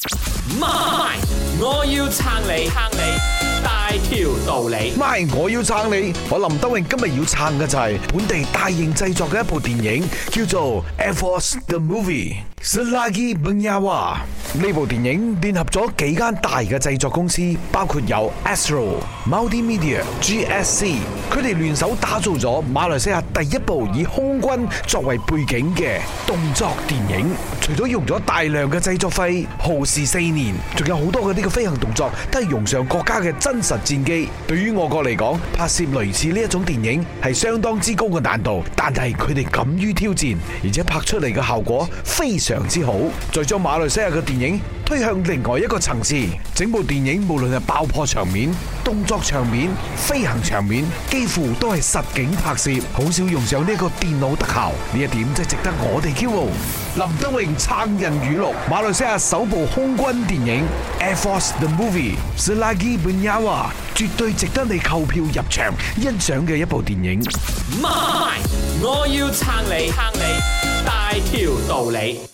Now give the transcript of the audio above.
咪，My, 我要撐你，撐你大條道理。My，我要撐你，我林德榮今日要撐嘅就係本地大型製作嘅一部電影，叫做《Air Force The Movie》。Selagi Bernyawa。呢部電影聯合咗幾間大嘅製作公司，包括有 Astro、Multimedia、GSC，佢哋聯手打造咗馬來西亞第一部以空軍作為背景嘅動作電影。除咗用咗大量嘅製作費，耗時四年，仲有好多嘅呢個飛行動作都係用上國家嘅真實戰機。對於我國嚟講，拍攝類似呢一種電影係相當之高嘅難度，但係佢哋敢於挑戰，而且拍出嚟嘅效果非常之好。再將馬來西亞嘅電影影推向另外一個層次，整部電影無論係爆破場面、動作場面、飛行場面，幾乎都係實景拍攝，好少用上呢個電腦特效。呢一點真係值得我哋驕傲。林德榮撐人語錄，馬來西亞首部空軍電影 Air Force The Movie Selagi Bernyawa，絕對值得你購票入場欣賞嘅一部電影。MY，我要撐你，撐你，大條道理。